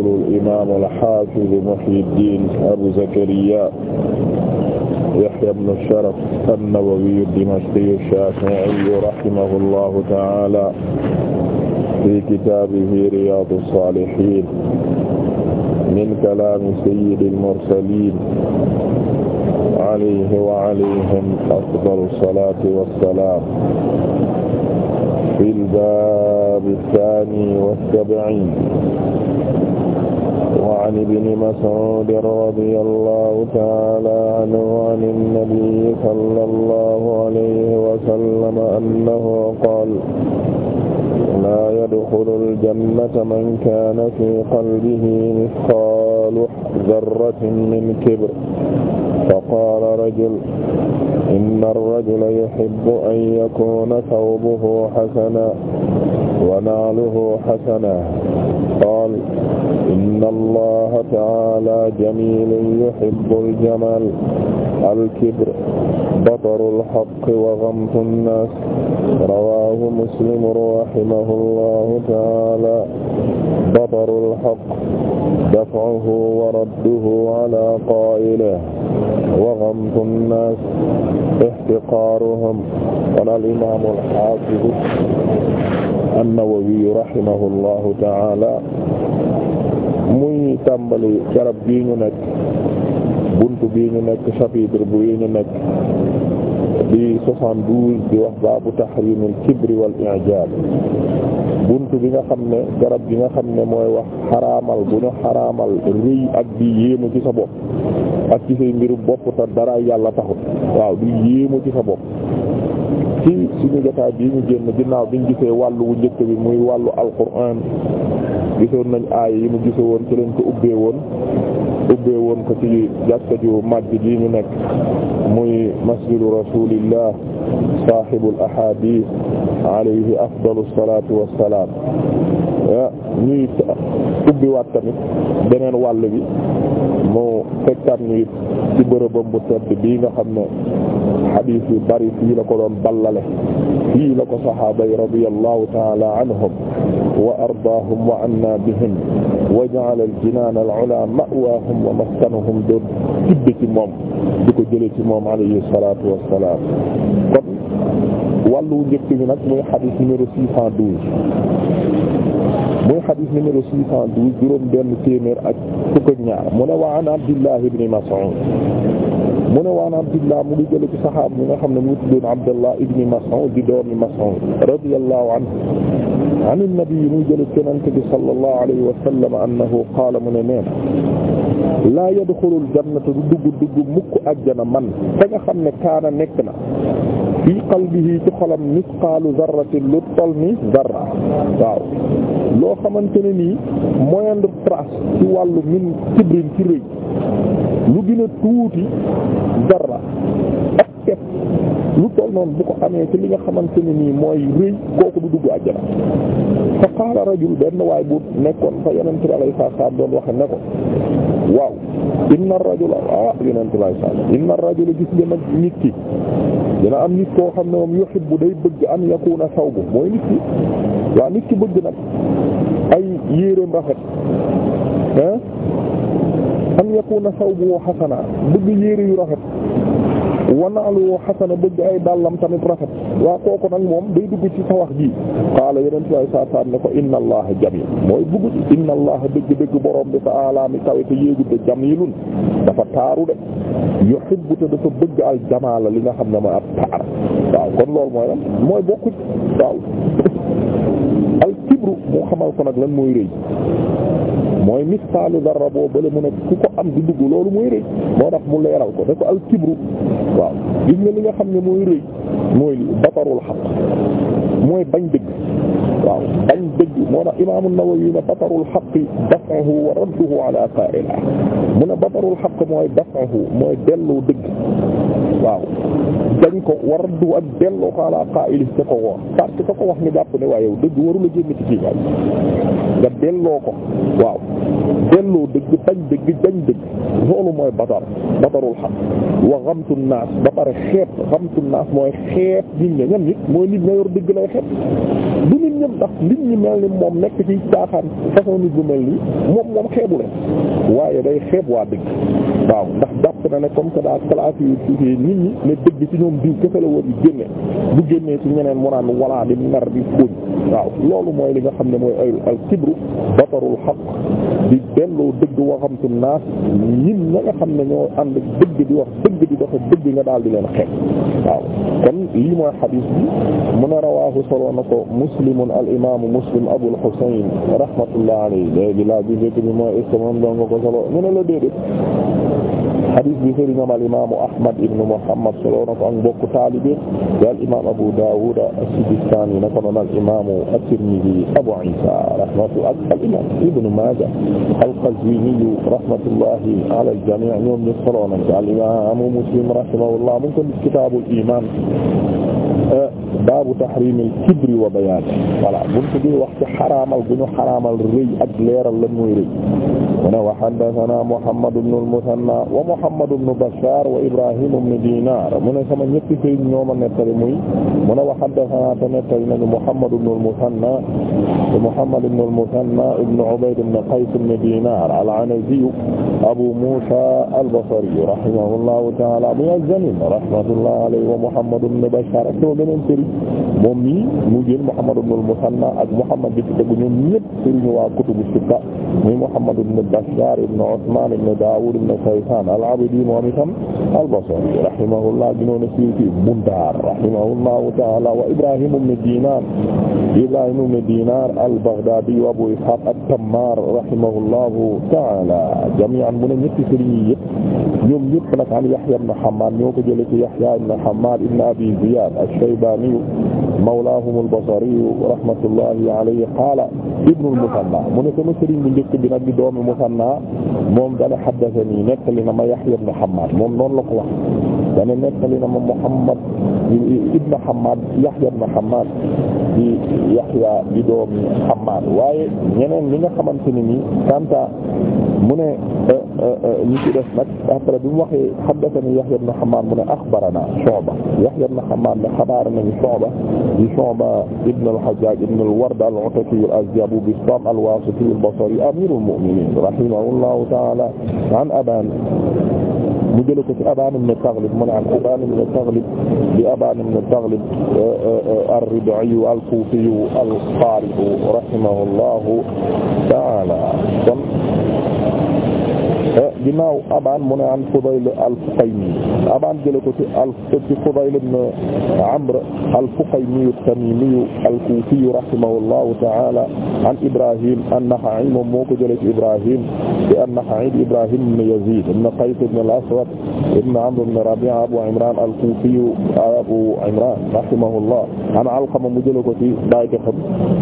yaqulu al-imaam al-haafiz Muhyiddin Abu Zakariya Yahya ibn Sharaf an-Nawawi ad-Dimashqi ash-Shaafi'i rahimahullahu ta'aala fi kitaabihi Riyaadu as-Saalihiin min kalaami sayyidil mursaliin alayhi wa alayhim afdalu salaati wa salaam fi al-baab ath-thaani wass-sab'iin wa 'an ibni Mas'uud radiyallaahu ta'aalaa anhu 'an an-nabiyyi sallallaahu 'alayhi wa sallam annahu qaala laa yadxulu al-jannata man kaana fii qalbihi mithqaalu dharratin min kibr faqaala rajul inna ar-rajula yuhibbu an yakuuna thawbuhu hasanan wa naaluhu hasanan qaala inna allaha ta'aala jamiilun yuhibbul jamaal al-kibr batarul haqqi wa ghamtun naas rawaahu muslim rahimahullahu ta'aala batarul haqqi daf'uhu wa radduhu 'alaa qaa'ilihi wa ghamtun naas ihtiqaaruhum qaala al-imaamul haafiz an-Nawawi rahimahullahu ta'aala muy tàmbali garab gi ñu nekk buntu bii ñu nekk chapitre bii ñu nekk di 72 di wax baabu tahrimil kibri wal i'jaab buntu bi nga xam ne garab gi nga xam ne mooy wax xaraamal bu ñu xaraamal rëy ak di yéemu ci sa bopp ak ci say mbiru bopp te dara yàlla taxut waaw di yéemu ci sa bopp ci suñu jotaay bii ñu génn ginnaaw biñ gisee wàll wu njëkk bi muy wàllu alquran gisoon nañ aay yi mu gise woon ci lañ ko ubbee woon ubbee woon ko ci jàkka ju màgg ji ñu nekk muy masjidu rasulillah sahibul ahadith alayhi afdalu salatu wassalam ñuy ubbi waat tamit beneen wàll bi mu fekkaat ñu ci bërëbam bu tedd bii nga xam ne xadiis yu bari fii la ko doon ballale fii la ko saxaaba yi radiyallahu taala anhum wa ardaahum wa anna bihim wa ja'ala al-jinaan al-'ulaa ma'waahum wa maskanahum doon tibb ci moom di ko jële ci moom alayhi salaatu wassalaam kon wàllu njëkk bi nag muy xadiis numéro 612 muy xadis numéro 612 juróom benn téeméer ak fukk ak ñaar mu ne wa an Abdullah ibn Mas'ud mu ne waan Abdullah mu ngi jële ci saxaab mi nga xam ne mu ngi tuddoon Abdullah ibn Mas'ud di doomi Mas'ud radiyallahu anhu an an-nabi mu ngi jële ci Yonent bi sallallahu alayhi wa sallam annahu qaala mu ne neen laa yadxulul jannata du dugg dugg mukk ajjana man te nga xam ne kaana nekk na fii qalbihi ci xolam misqaalu zarratin lu toll ni zarra waaw loo xamante ne nii moindre trace ci wàllu min kibrin ci rëy lu gën tuuti dara ak ket lu toll noonu bu ko amee ci li nga xamante ne nii mooy rëy kooku du dugg àjjana fa qaala rajul benn waay bu nekkoon yeneen yonent bi alayhi salaam doon waxe ne ko waaw inna rajula ah yonent bi alayhi salaam inna rajula gis nga nag nit ki dina am nit koo xam ne moom yuhibbu day bëgg an yakuna sawbu mooy nit ki waaw nit ki bëgg nag ay yéreem rafet ah an yakuna sawbu xasana bëgg yére yu rafet wanaalu xasana bëgg ay dàllam tamit rafet waa kooku nag moom day dugg ci sa wax ji qaala yeneen tuwaay saa saa ne ko inna allaha jamil mooy bugg inna allaha dëgg-dëgg borom bi ta'ala mi kawe te yéegu de jamilun dafa taaru de yuhibbu te dafa bëgg al jamaala li nga xam ne mooy ab taar waaw kon loolu mooy la mooy bokkut waaw al kibru moo xamal ko nag lan mooy rëy mooy misaalu darra boo bële mu ne ku ko am di dugg loolu mooy rëy moo tax mu leeral ko da ko al kibru waaw gis nga li nga xam ne mooy rëy mooy li batarul xaq mooy bañ dëgg waaw bañ dëgg moo tax imaamu Nawawi ne batarul xaq daf'uhu wa radduhu ala qaa'ilihi mu ne batarul xaq mooy daf'uhu mooy dellu dëgg waaw dañ ko war du ak delloo ko ala qaa'ili te ko woor parce que ko wax ni jàpp ne waaye dëgg warula génn ci kii waay nga delloo ko waaw delloo dëgg bañ dëgg bañ dëgg loolu mooy batar batarul xaq wa xamtu naas ba pare xeet xamtu naas mooy xeet nit ña ñam nit mooy nit ña yor dëgg lay xeet du nit ñëpp ndax nit ñi mel ni moom nekk ci caaxaan façon nit bu mel nii moom moom xeebu leen waaye day xeeb waa dëgg waaw ndax jàpp na ne comme que daa classe yi nit ñi ne dëgg ci ñoom diw kese la war yu génne bu génnee ci ñeneen mu naan walaa di mer di fóoñ waaw loolu mooy li nga xam ne mooy ay al kibru batarul xaq di delloo dëgg waxamtu naas ñin ña nga xam ne ñoo ànd dëgg di wax dëgg di doxe dëgg nga daal di leen xeeb waaw kon lii mooy xadiis bi mu ne rawaahu soloo na ko muslimun al imaamu muslim abul xusayn rahmatullah alayhi léegi laa bi njëkk bi mooy est-ce nga ne la déedéet xadis bi sëriñam al imaamu Ahmad ibn Muhammad solo na ko ak mbokku taalibe wal imaam Abu Dawud as-Sijistaani na ko noon al imaamu at-Tirmidhi Abu Isa rahmatu ak al imaam Ibn Maaja al-Qazwiini rahmatullahi ala al-jamii' ñoom ñu solo nañ ko al imaamu Muslim rahimahullah mu ngi ko kitaabul iimaan baabu tahriimil kibri wa bayaanihi voilà buntu bi wax ci xaraamal gu ñu xaraamal rëy ak leeral lan mooy rëy mu ne wa haddathana Muhammad ibn al-Muthanna wa Muhammad ibn Bashar wa Ibrahim ibn Dinar mu ne sama ñetti sëriñ ñoo ma nettali muy mu ne wa haddathana te nettali nañu Muhammad ibn al-Muthanna te Muhammad ibn al-Muthanna ibn Ubayd ibn Qays ibn Dinar al-Anazi Abu Musa al-Basri rahimahullahu ta'ala muy al-Zamin rahmatullahi alayhi wa Muhammad ibn Bashar ak sama beneen sëriñ moom mi mu jël Muhammad ibn al-Muthanna ak Muhammad bi ci tegu ñoom ñépp sëriñu waa kutubu sitta muy Muhammad ibn Bassaar ibn Usmaan ibn Daawuud ibn Kaysaan al-Abdi moom itam al-Basri rahimahullah gënoon a siiw ci Bundaar rahimahullahu ta'aala wa Ibraahiim ibn Diinaar Ibraahiim ibn Diinaar al-Baghdaadi wa Abu Ishaaq at-Tammaar rahimahullahu ta'aala jamii'an mu ne ñetti sëriñ yi yëpp ñoom ñëpp nag an Yahya ibn Hammaad ñoo ko jëlee ci Yahya ibn Hammaad ibn Abi Ziyaad ash-Shaybaani mawlaahum al-Basri rahmatullahi alayhi qaala ibnu al-Musanna mu ne sama sëriñ bu njëkk bi nag di doomi Musanna moom dana haddathanii nettali na ma Yahya ibn Hammaad moom noonu la ko wax dana nettali na ma Muhammad ibn Hammad Yahya ibn Hammad di Yahya di doomi Hammad waaye ñeneen ñi nga xamante ni nii kanta mu ne eh, eh, eh, ñi ci des nag après bi mu waxee haddathani Yahya ibn Hammad mu ne akhbarana Shu'ba Yahya ibn Hammad ne xabaar nañu Shu'ba di Shu'ba ibn al-Hajjaj ibn al-Ward al-Ataki al-Azdi Abu Bistam al-Wasiti al-Basri amirul mu'minin rahimahullahu ta'ala an aban mu jële ko ci Abaan ibn Taghlib mu naan Abaan ibn Taghlib di Abaan ibn Taghlib eh, eh, eh, ar-Rib'i al-Kufi al-Qarib rahimahullahu ta'ala ginnaaw Abaan mu ne an Fudayl al-Fuqaymi Abaan jëlee ko ci al ci Fudayl ibn Amr al-Fuqaymi at-Tamimi al-Kufi rahimahullahu ta'ala an Ibrahim an-Nakha'i moom moo ko jëlee ci Ibrahim di an-Nakha'i di Ibrahim ibn Yazid ibn Qays ibn al-Aswad ibn Amr ibn Rabi'a Abu Imran al-Kufi Abu Imran rahimahullah an Alqama mu jëlee ko ci daay joxam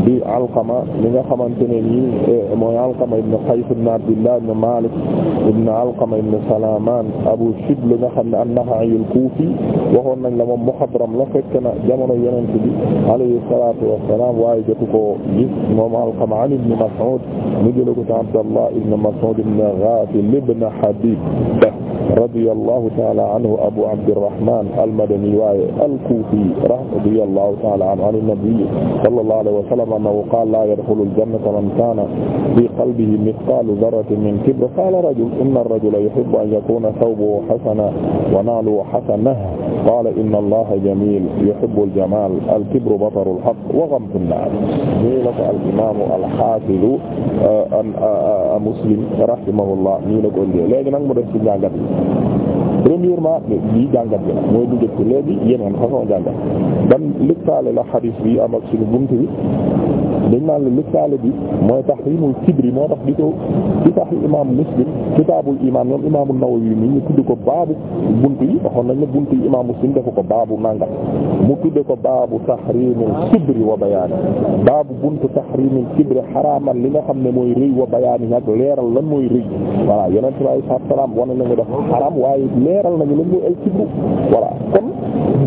di Alqama li nga xamante ne nii eh, mooy Alqama ibn Qays ibn Abdillah ibn Malik ibn ibn Alqama ibn Salaman Abu Shibl nga xam ne an-Nakha'i al-Kufi waxoon nañ la moom muxadram la fekk na jamono yonent bi alayhi salatu wassalam waaye jotu koo gis moom Alqama an ibn Mas'ud mu jël ko ci Abdallah ibn Mas'ud ibn Ghafil ibn Habib radiyallahu ta'ala anhu abu abdirrahman almadani waaye alkuufi radiyallahu ta'ala anhu an nabi sallallahu alayhi wa sallam annahu qaala laa yadxulu aljannata man kaana fii qalbihi mithqaalu darratin min kibr qaala rajul inna arrajula yuhibbu an yakuna thawbuhu hasanan wa na'luhu hasanatan qaala inna allaha jamil yuhibbu aljamal alkibru bataru alhaq wa ghamtu an-naar nii la ko alimamu alxafidu euh, euh, euh, muslim rahimahullah nii la ko indee léegi nag mu def ci njàngat bi premièrement lii jàngat bi la mooy bu njëkk léegi yeneen façon jàngat ban lëkkaale la xadiis bi am ak suñu bunt bi dañ naan la lëkkaale bi mooy tahriimul kibri moo tax di ko ci tax imaam muslim kitaabul imaam ñoom imaamu Nawawi mi ñu tudd ko baabu buntu yi waxoon nañ ne buntu yi imaam Muslim defu ko baabu nangam mu tudd ko baabu tahriimil kibri wa bayaan baabu buntu tahriimil kibri xaraamal li nga xam ne mooy rëy wa bayaan yi nag leeral lan mooy rëy voilà yeneen sallallahu alayhi wasallam wane nañu def xaraam waaye leeral nañu lan mooy al kibru voilà kon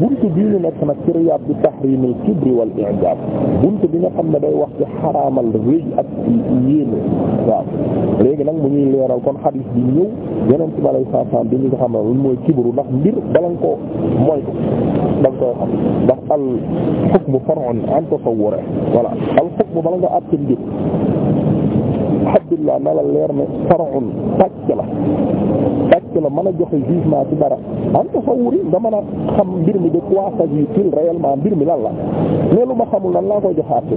buntu bii ñu nekk nag ci riyaad bi tahriimil kibri wal i'jaab buntu bi nga xam ne day wax ci xaraamal rëy ak yéeme waaw léegi nag mu ñuy leeral kon xadiis bi ñëw yeneen ci balay saasaan bi ñu nga xam ne loolu mooy kibru ndax mbir bala nga ko moytu da nga koy xam ndax al hukmu far'un an tasawwur voilà al hukmu bala nga àtte mbir alhamdulillah na la leer ne far'un pàcc la pàcc la mën a joxe jugement ci dara an tasawwuri nga mën a xam mbir mi de quoi s'agit-il réellement mbir mi lan la mais lu ma xamul lan laa koy joxe àtte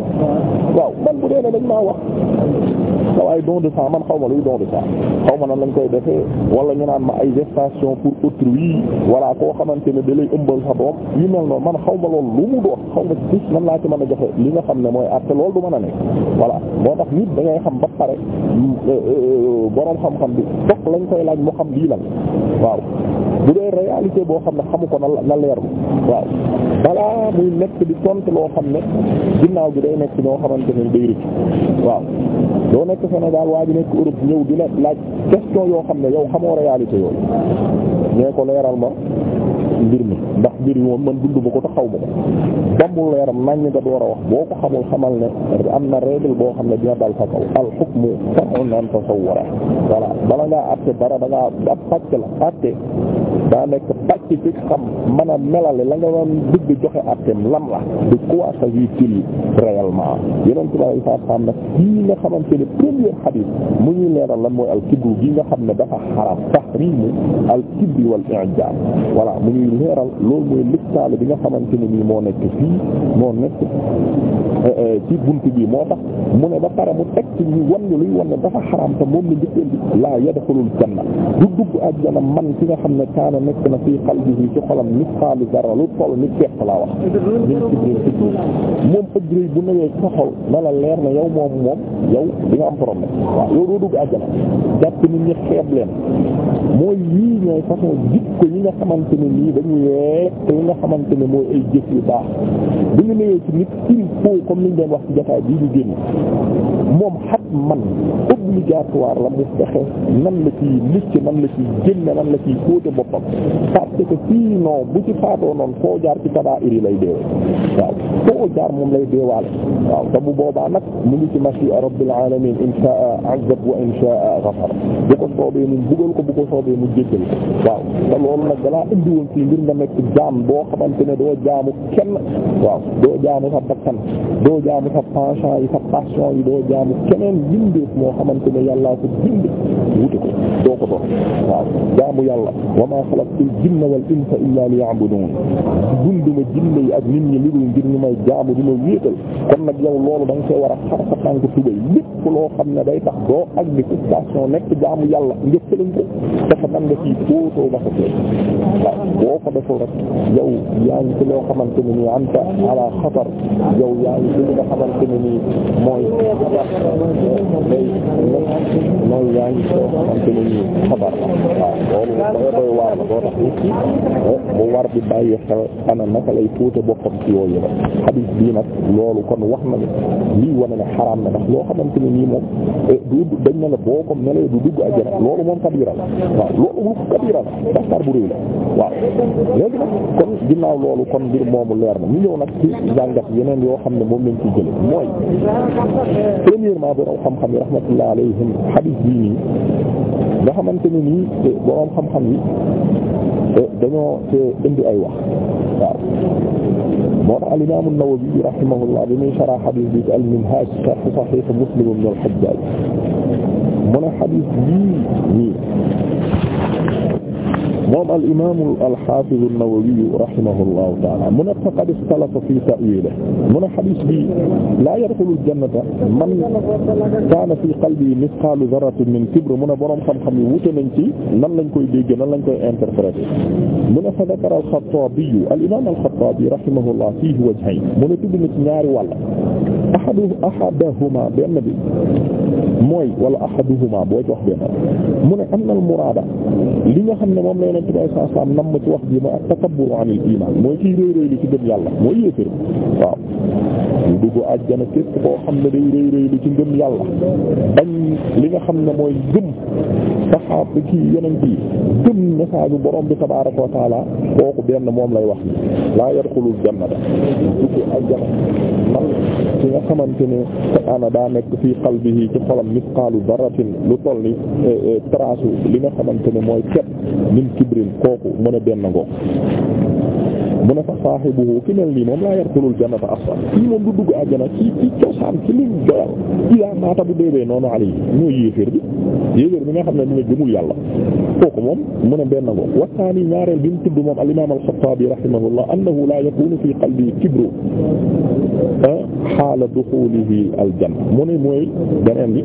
waaw man bu dee ne dañ maa wax sa waaye don de sang man xaw ma luy don de sang xaw ma nan lañ koy defee wala ñu naan ma ay gestation pour autrui voilà koo xamante ne da lay ëmbal sa doom yu mel noonu man xaw ma loolu lu mu doon xaw ma ci nan laa ci mën a joxe li nga xam ne mooy atte lool du mën a nekk voilà moo tax nit dangay xam ba pare mm, euh, euh, euh, boroom xam-xam bi fokk lañ koy laaj moo xam lii lan waaw bu dee réalité boo xam ne xamu ko na leer waaw balaa muy nekk di tontu loo xam ne ginnaaw bi day nekk ñoo xamante ne day waaw doo nekk Sénégal waa ji nekk Europe ñëw di la question yoo xam ne yow xamoo réalité yooyu ñee ko leeral ma mbir mi ndax mbir moom man dund ba ko te xaw ma ko bambul leeram nañ nga door a wax boo ko xamul xamal ne am na règle boo xam ne dina dal sa kaw al hukmu far'un an tasawwara bala ngaa àtte dara da ngaa ab pàcc la àtte daa nekk ci xam mën a melale la nga doon bëgg joxe àtteem lan la de quoi s'agit-il réellement yeneen ci wàllu saabsaab nag kii nga xamante ne premier hadith mu ñuy leeral la mooy al kibru nga xam ne dafa xaram tahrimu al kibri mu ñuy leeral bi nga xamante ne nii moo nekk fii moo nekk eh, eh, bunt bi moo tax mu ne ba pare mu teg ci ñu wan ñu luy wan dafa xaram te moom la njëkkeen bi laa man ki nga xam ne kaana nekk na fii qalbihi ci xolam misqaalu zarra lu toll ni kepp laa wax. moom ëgg rëy bu nawee sa xol na la leer na yow moom moom yow di am problème waaw yow doo dugg àjjana jàpp nit ñi xeeb leen mooy yii ñooy façon jikko yi nga xamante ne nii dañuy lekk li nga xamante ne mooy ay jëf yu baax bu ñu nawee ci nit il faut comme ni ñu wax ci jotaay bii ñu génn. moom xat man obligatoire la mu nan la ciy mucc nan la ciy génne nan la ciy kóote boppam parce que sinon bu ci faatoo noonu foo jaar ci kabaa'ir yi lay deewee waaw foo jaar moom lay deewaale waaw te boobaa nag mu ngi ci mashi'a rabbil alamin in sha'a azab wa in sha'a ghafar bu ko soobee mu bugal ko bu ko soobee mu jéggal ko waaw te loolu nag dalaa indi woon ngir nga nekk jaam boo xamante ne doo jaamu kenn waaw doo jaamu sa bakkan doo jaamu sa penchant jaamu keneen bindeef moo xamante ne yàllaa ko bind wute ko doo ko doon waaw jaamu yàlla wa maa xalaqtul jinna wal insa illaa liya'buduun dunduma jinne yi ak nit ñi lu dul ngir ñu may koy jaamu di la wéetal kon nag yow loolu da see war a xar sa tànk tubay lépp loo xam ne day tax doo ak di station nekk jaamu yàlla njëkkalan ko dafa nan nga fii tóotoo nga ko boo ko deful rek yow yaa ngi ci loo xamante ne nii anta ala xatar yow yaa ngi ci li xamante ne nii mooy day mooy yaa ngi ci loo xamante nii xatar waaw loolu danga doy tax nit ki bu eh, war di bàyyi xel ana naka lay tuute boppam ci yooyu la xadiis bii nag loolu kon wax na ne lii wane ne xaraam na ndax loo xamante ne nii moom eh, du dañ na la boo ko melee du dugg ajjana loolu moom kabira la waaw loolu moom kabira la bàkkaar bu réy la waaw léegi nag kon ginnaaw loolu kon mbir moomu leer na ñu ñëw nag ci jàngat yeneen yoo xam ne moom lañ ci jële mooy premièrement borom xam-xam yi rahmatullah alayhim xadiis bii nii nga xamante ne nii eh, borom xam-xam yi eh, dañoo indi ay wax waaw moo tax al-imaam an-Nawawi rahimahullah bi muy sarh xadiis bi ci al-Minhaaj sarh Sahiih Muslim ibn al-Hajjaaj mu ne xadiis bii nii moom al imaamu al xaafiz an-Nawawi rahimahullahu taala mu ne faqad ikhtalafa fi ta'wiilihi mu ne xadiis bi laa yadxulul jannata man kaana fi qalbihi mithqaalu dharratin min kibr mu ne boroom xam-xam yi wute nañ ci nan lañ koy dégg nan lañ koy interpréter mu ne fa dhakara al-Xattaabi al imaam al-Xattaabi rahimahullah fiihi wajhayn mu ne tudd na ci ñaari wàll ahadu ahadahuma benn bi mooy wala ahaduhuma boo ci wax benn mu ne am na al muraada li nga xam ne moom la yonent bi sallallahu alayhi ci wax ji ma ak takabbur anil iman mooy kii réy réy li ci gëm yàlla mooy yéeféer waaw yu dugg àjjana képp koo xam ne day rëy rëy lu ci ngëm yàlla bañ li nga xam ne mooy gëm saxaab bi kii yonent yi gëm message borom bi tabaaraka wa taala kooku benn moom lay wax laa yadxulul jannata dugg àjjana man ci nga xamante ne te daa nekk fi fii qalbihi ci xolam misqaalu daratin lu toll ni eh, eh, trace li nga xamante ne mooy cet min kibrin kooku mën benn ngoo mu ne fa saahibuhu ki mel nii moom laa yadxulul jannata aslan kii moom du dugg àjjana ci cosaan ci luñ doyal ilaa maata bu deewee noonu ali mooy yéeféer bi yéeféer bi nga xam ne dina gëmul yàlla kooku moom mu ne benn ngoo wa taani ñaareel bi mu tudd moom al imaam al xattaabi rahimahullah annahu laa yakunu fi qalbi kibru xaala duxulihi al janna mu ne mooy beneen bi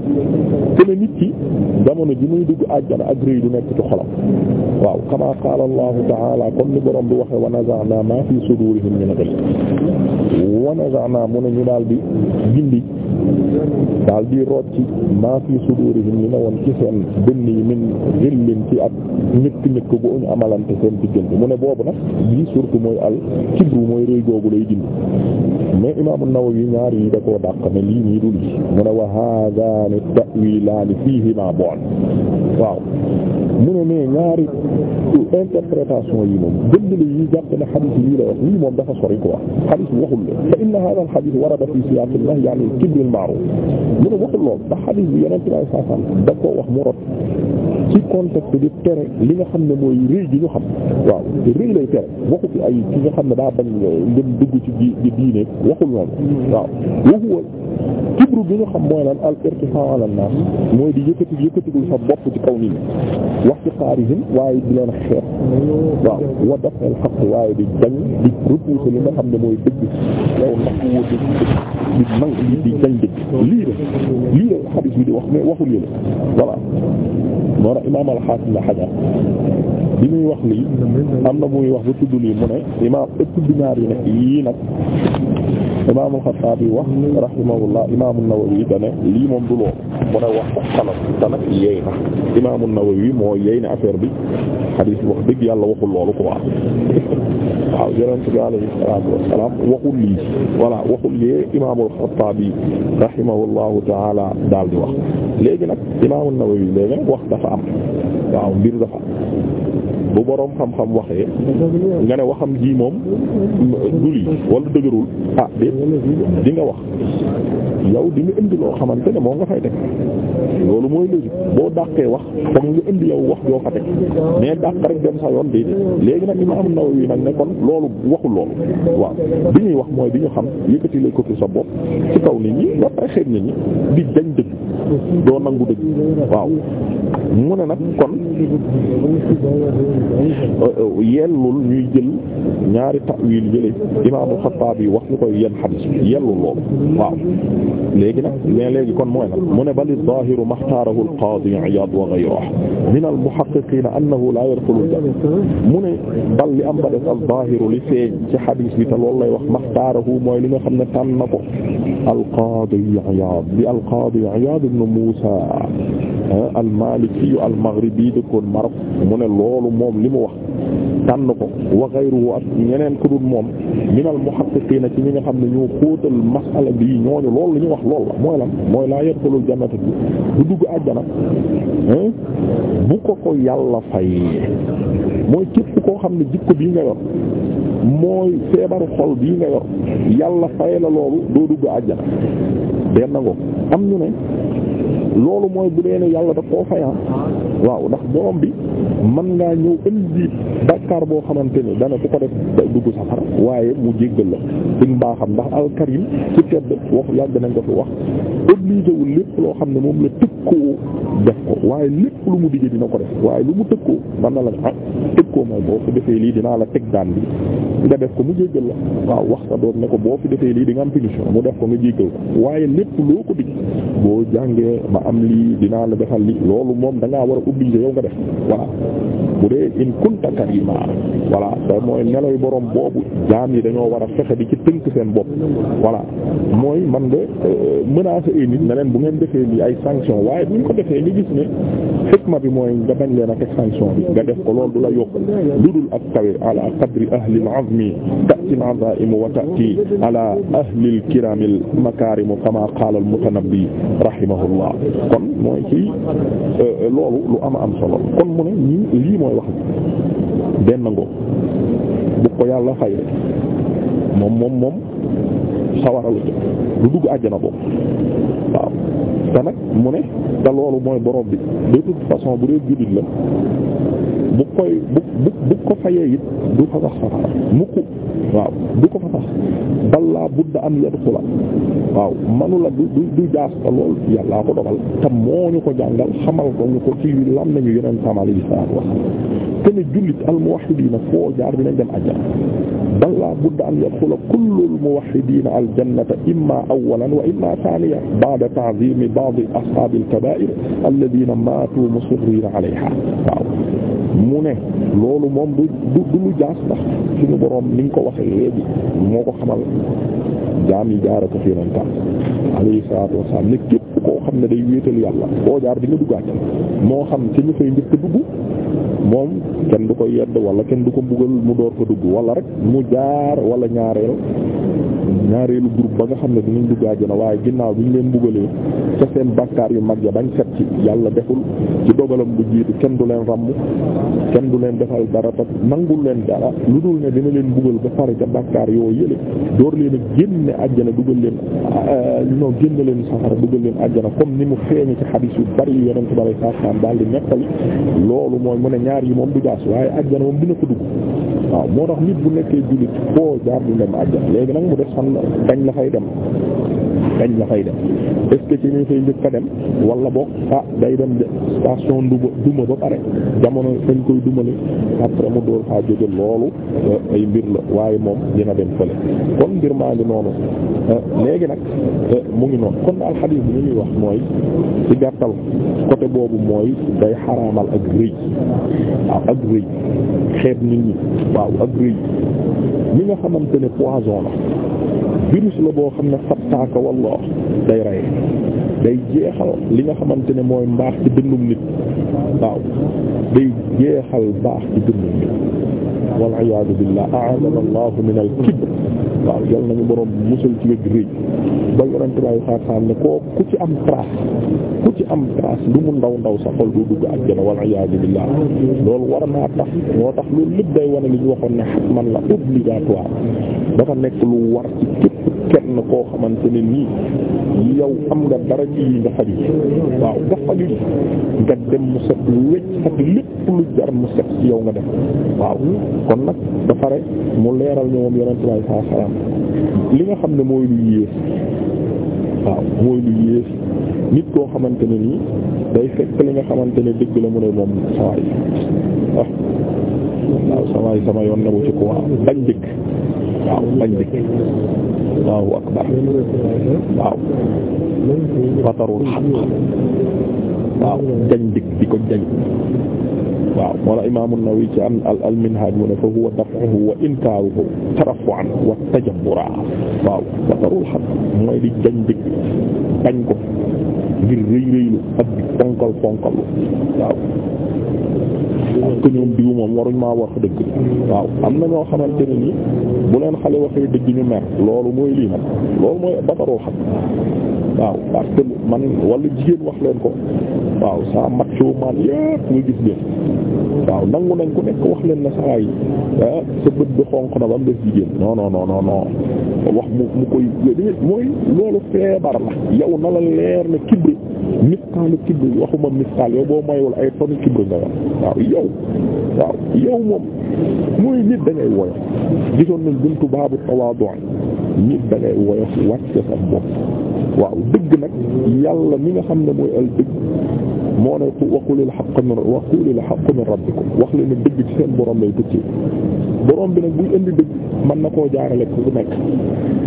te nit ki jamono ji muy dugg àjjana ak rëy du nekk ci xolam waaw kama qaala allahu taala comme ni borom bi waxe wa naza'na ma fi sudurihim min ghillin wa naza'na mu ne ñu daal di gindi daal di root ci maa fi sudurihim li na woon ci seen dënn yi min ci ak ñëkk ñëkk bu ñu amalante seen diggante mu ne boobu nag bii surtout mooy al kibru mooy rëy googu lay dindi mais imaamu Nawawi ñaar yi da koo ne lii nii du lii mu ne wa haadaani ta'wiilaani fiihimaa bu'd waaw mu ne nee ñaari interprétation yi moom dëgg la yi jàpp ne xadis yi la wax lii moom dafa sori quoi xadis waxul la fa inna haadha al-hadiis warada fii siyaaq an-nahy 'an nahy an kibr naaru mu ne waxul lool ndax xadiis bi yeneen ci laay saasaan da koo wax mu rot ci contexte di tere li nga xam ne mooy rëy gi ñu xam waaw te rëy lay tere waxu fi ay ki nga xam ne daa bañ ngeen dugg ci di diine waxul lool waaw kibru bi ñu xam mooy lan al irtifaa ala naas mooy di yëkkati yëkkatigul sa bopp ci kaw nit ñi wax ci xaarihim waaye di leen xeet waaw wa dafa al xaq waaye di jañ di repousser li nga xam ne mooy dëgg yow nak di nang lii rek lii rek xadiis bi di wax mais waxul yële voilà moo tax imaam al-Haafiz la Hajar bi muy wax lii am na muy wax ba tudd lii mu ne imaam ëpp binaar yi nag yii nag imaam al-Xattaabi wax rahimahullah imaam an-Nawawi dane lii moom du loolu mu ne wax ko xalam te nag yeey na imaam an-Nawawi moo yeey na affaire bi xadiis wax dëgg yàlla waxul loolu quoi waaw yonent bi alayhi salaatu wassalaam waxul lii voilà waxul yee imaam al-Xattaabi rahimahullahu taala daal di wax léegi nag imaam an-Nawawi léegi nag wax dafa am waaw mbir dafa am bu boroom xam-xam waxee nga ne waxam ji moom du lii dëgërul ah déet di nga wax yow di nga indi loo xamante ne moom nga fay teg loolu mooy logique boo dàqee wax foog nga indi yow wax joo fa teg mais dàq rek dem sa yoon déedéet léegi nag Imaam An-Nawawi nag ne kon loolu waxul loolu waaw bi ñuy wax mooy bi ñu xam yëkkati lay ko sa bopp ci kaw nit ñi ba pare xeet nit ñi di dañ dëgg doo nangu dëgg waaw mu ne nag kon yellul ñuy jël ñaari ta'wil yële Imaam Al-Khattabi wax ñu koy yenn xadiis yellul loolu waaw léegi nag mais léegi kon mooy mu ne bal az-zaahiru ma xtaarahu al-qaadi Iyaad wa ghayruhu min al-muhaqqiqiina annahu laa yadxulu mu ne bal li am ba def li feeñ ci xadiis bi te loolu lay wax ma xtaarahu mooy li nga xam ne tànn na ko al-qaadi Iyaad bi al-qaadi Iyaad ibn Muusaa al-Maliki al-Maghribi dëkkoon Maroc mu ne loolu moom li mu wax tànn ko wa ghayruhu ak ñeneen ku dul moom minal muhaqqiqiina ci ñi nga xam ne ñoo xóotal masala bi ñooñu loolu li ñu wax loolu la mooy lan mooy laa yadxulul jannata bi du dugg àjjana bu ko ko yàlla fay mooy képp koo xam ne jikko bii nga yor mooy feebaru xol bii nga yor yàlla fay la loolu doo dugg àjjana benn ngoog am ñu ne loolu mooy bu dee ne yàlla da koo fayaan waaw ndax borom bi man ngaa ñëw indi bàkkaar boo xamante ni dana ku ko def dugg safara waaye mu jéggal la dig mbaaxam ndax alkarim ci tedd wax yàgg nañ ko fi wax obligé wu lépp loo xam ne moom la tëkkoo def ko waaye lépp lu mu digge dina ko def waaye lu mu tëkkoo man na la ah tëkkoo mooy boo ko defee lii dinaa la teg daan bi nga def ko mu jéggal la waaw wax sa doom ne ko boo fi defee lii di nga am punition mu def ko nga jéggal ko waaye lépp loo ko dig boo jàngee ma am lii dinaa la defal li loolu moom da ngaa war a obligé yow nga def voilà bu dee in kunta karima voilà da mooy meloy borom boobu jaam yi dañoo war a fexe di ci tënk seen bopp voilà mooy man nga euh, menacer ay nit ne leen bu ngeen defee lii ay sanction waaye buñ ko defee ñu gis ne xikma bi mooy nga bañ leen a teg sanction def ko loolu du la yokk lu dul ak kawe mi ta'ti al-'azaa'imu wa ta'ti 'alaa ahli al al-makaarimu kamaa qaala al-mutanabbi rahimahullah kon mooy ci euh, loolu lu ama am solo kon mu ne lii mooy wax benn ngoo bu ko yàlla fay de moom moom moom sawaralu lu dugg àjjana boobu waaw te nag mu ne te loolu mooy borom bi de toute façon bu dee jullit la bu koy bu bu bu ko fayee du ko sax safara mukk waaw du ko fa sax balla budda an yadxula waaw manula du du du jaas ta lool yàllaa ko dogal ko jàngal xamal ko ñu ko ci lam nañu yeneen tam alayhi salaatu wa salaam te ne jullit al muwahhidiina foo jaar dinañ dem àjjana balla budda an yadxula kullul muwahhidiina al jannata imma awwalan wa imma thaniyan ba'da ta'ziimi ba'di ashaabil kabaa'ir alladhiina maatu musirriina alayhaa waaw mu ne loolu moom du du du lu jaas ndax suñu boroom ni nga ko waxee léegi moo ko xamal jaam yi jaara ko fi yonentam alayhi salaatu wassalaam ne képp koo xam ne day wéetal yàlla boo jaar di nga dugg àjjana moo xam ci ñu fay njëkk dugg moom kenn du ko yedd wala kenn du ko mbugal mu door ko dugg wala rek mu jaar wala ñaareel ñaareelu groupe ba nga xam ne du dinañ dugg àjjana waaye ginnaaw bi ñu leen mbugalee ca seen bakkaar yu mag ya bañ set ci yàlla deful ci dogalam bu jiitu kenn du leen ràmm kenn du leen defal dara te nangul leen dara lu dul ne dina leen mbugal ba pare ca bakkaar yoo yële door leen a génne àjjana dugal leen euh, non génne leen safara dugal leen àjjana comme ni mu feeñe ci xadiis yu bari yu yonent bi sallallahu alayhi wasallam daal di nettali loolu mooy mu ne ñaar yi moom du jaas waaye àjjana moom dina ko dugg waaw moo tax nit bu nekkee jullit foo jaar du dem àjjana léegi nag mu def fan kañ la fay dem dañ la fay dem est-ce que ci ñu fay njëkk a dem wala bo ah day dem de station duma duma ba pare jamono fañ koy dumale après mu door faa jóge loolu eh, ay mbir la waaye moom dina dem fële kon mbir maa ngi noonu eh, léegi nag eh, mu ngi noonu kon daal xadiis bi ñu ñuy wax mooy ci gàttal côté boobu mooy day xaramal ak rëy waaw ah, nit ñi waaw ak rëy li nga xamante ne poison la virus la boo xam ne fattaaka wallah day rey day jeexal li nga xamante ne mooy mbaax ci dundum nit waaw day jeexal baax ci dundum nit wal iyaadu billah a'adana allahu min al kibr waaw yal nañu boroom musal ci wég réej ba yonente bay saar saam ne koo ku ci am trace ku ci am trace lu mu ndaw ndaw sa xol du dugg àjjana wal iyaadu billah loolu war naa tax moo tax loolu lépp day wane li ñu waxoon ne xatman la obligatoire dafa nekk lu war ci koo xamante ne nii yow am nga dara ci yi nga yow nga def waaw kon nag ba pare leeral ñu moom nga xam ne mooy lu yées waaw mooy lu yées nit koo xamante ne nii day fekk li nga xamante ne dëgg la mu ne moom sawaay ah, waaw waaw sawaay sama yoon ne bu ci quoi bañ dëgg waaw bañ dëgg Allahu akbar waaw fatarul xaq waaw jañ dëgg di ko jañ waaw wala imaamu Nawawi ci an al al minhaj mu ne fa huwa daf'uhu wa inkaaruhu taraffu'an wa tajabbura waaw wa tarul mooy di jañ dëgg bañ ko ngir rëy rëylu ak di ponkal ponkal waaw. ak ñoom diw moom waruñ maa wax dëgg waaw am na ñoo xamante ne ni bu leen xale waxee dëgg ñu mer loolu mooy lii nag loolu mooy bataroo xam waaw parce man wala jigéen wax leen ko waaw saa mat soo maan yépp ñu gis leen waaw nangu nañ ku nekk wax leen na saa yi ah, sa bët bu xonq na ba mu def jigéen non non non wax mu mu koy mooy loolu feebar la yow na la leer na kibri mistaalu kibri waxuma mistaal yow boo mayul ay tonu kibri nga wax waaw yow waaw yow moom mooy nit da woyof gisoon nañ buntu baabu tawaadu nit da woyof wàcc sa bopp waaw dëgg nag yàlla mi nga xam ne mooy al dëgg moo ne wa qulil haqqu min wa qulil haqqu min rabbikum wax leen ne dëgg ci seen boroom lay tukkee boroom bi nag buy indi dëgg man na koo jaarale ku nekk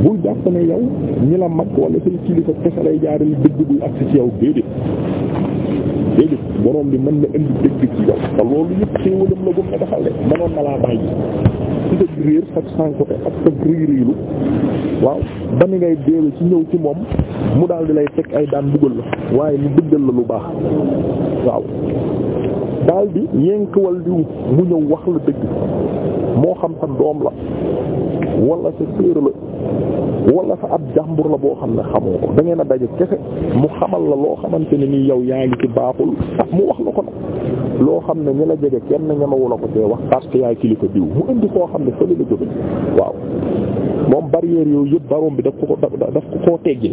bul jàpp ne yow ñi la mag wala say kilifa kese lay jaarale dëgg buy agsi ci yow déedéet déedéet borom bi mën na indi dëgg ci yow te loolu yëpp xéewalam la gëm nga defal de mënoon na laa bàyyi ci sa réer ak sànkote ak sa riiriilu waaw ba ni ngay deewe ci ñëw ci moom mu daal di lay teg ay daan buggal la waaye mu bëggal la lu baax waaw daal di yënkuwal di mu ñëw wax la dëgg moo xam sa doom la wala sa séer la wala sa ab jàmbur la boo xam ne xamoo ko dangeen a daje kese mu xamal la loo xamante ne nii yow yaa ngi ci baaxul ah mu wax la ko nag loo xam ne ñi la jege kenn ñamawu la ko see wax parce yaay kilifa diw mu indi koo xam ne fële la waaw. moom barrière yooyu yëpp baroom bi daf ko daf ko koo teggil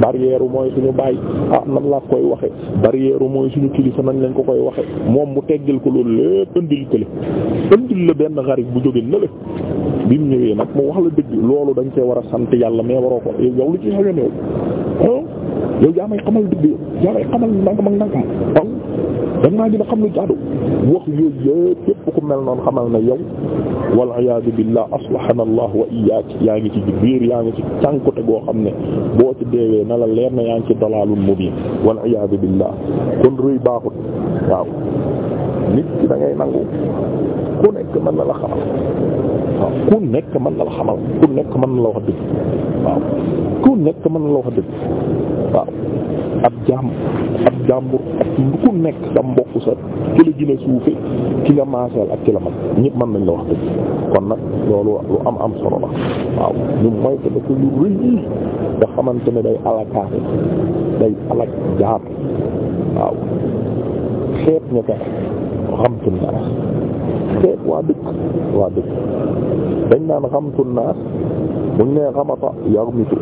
barrière mooy suñu baay ah nan laa koy waxe barrière mooy suñu kilifa nan lañ ko koy waxe moom mu teggil ko loolu lépp ëndil kële ëndil la benn xarit bu jóge na la bi mu ñëwee nag mu wax la dëgg loolu dañ cee war a sant yàlla mais waroo ko yow lu ci sa yoon yow yow yaa may xamal dëgg yow yaa may xamal nangam ak nangam ah? da nga maa a xam lu jaadu wax yooyu yëpp yëpp ku mel noonu xamal na yow wal iyaadu billah aslahana allah wa iyyaak yaa ngi ci biir yaa ngi ci cànkute goo xam ne boo ci deewee na la leer na yaa ngi ci dalaalun mubiin wal iyaadu billah kon rëy baaxut waaw nit ki nangu ku nekk mën na la xamal waaw ku nekk mën na la mën na la wax dëgg waaw ku nekk mën na la wax dëgg waaw ab jaam ab jàmbur ak ku nekk da mbokk sa ki la gën suufe ki nga maaseel ak ki la mag ñëpp mën nañ la wax dëgg kon nag loolu lu am am solo la waaw ñu moytu dafa lu rëy nga xamante ne day alakaate day alak jaam waaw xeet ñu ko xamtu naas xeet waa dëkk waa dëkk dañ naan xamtu naas buñ nee xamata yarmitu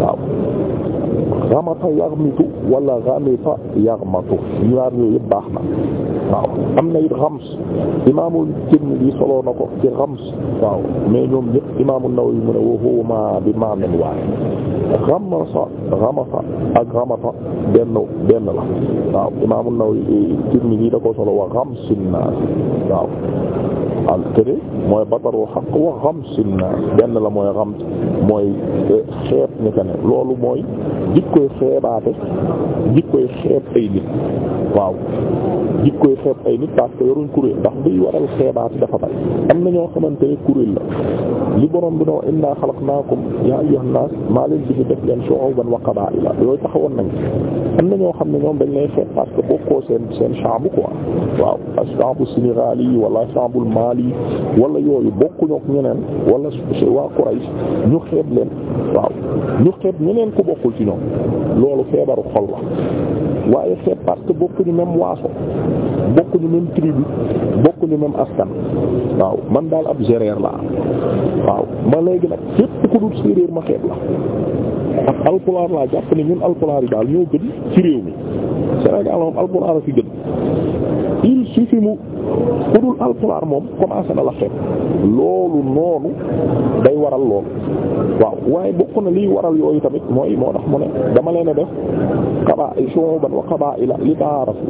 waaw ramata yaxmitu wala ramita yaxmatu ñaar yooyu yëpp baax na waaw am na it xams imaamul Tirmidi soloo na ko ci xams waaw mais ñoom ñëpp imaamul Nawawi mu ne wa huwa bi maamin waaye ramasa ramasa ak ramata benn benn la waaw imaamul Nawawi Tirmidi da ko solo wa xamsin naas waaw al mooy bataru xaq wa xamsin naas benn la mooy xam mooy xeet ña ca ne loolu mooy jikkoy xeebaate jikkoy xeeb ay nit waaw jikkoy xeeb ay nit parce que yoruñ kuréel ndax biy waral xeebaate dafa bari am na ñoo xamante ne kuréel la li borom bi noo inna xalaqnaakum yaa ayyuhan naas maa leen bi ñu def leen shu'uban wa qabaa'ila yooyu taxawoon nañ am na ñoo xam ne ñoom dañ lay xeeb parce que bokkoo seen seen sha'bu quoi waaw sha'bu sénégali yi wala sha'bu mali wala yooyu bokkuñu ak ñeneen wala waa Quraysh ñu xeeb leen waaw ñu xeeb ñeneen ko bokkul ci ñoom loolu feebaru xol la waaye c'est parce que bokkuñu même waaso bokkuñu même tribu bokkuñu mem askan waaw man daal ab géréer laa waaw ma léegi nag képp ku dul ma xeeb la ak alpulaar laa jàpp ne ñun alpulaar yi daal ñoo gën ci réew mi Sénégal moom alpulaar a fi gën il suffit mu xudul alpulaar moom commencé na la xeet loolu noonu day waral loolu waaw waaye bokk na liy waral yooyu tamit mooy moo tax mu ne dama leen a def xaba shu'uban wa qaba'ila li ta'arafu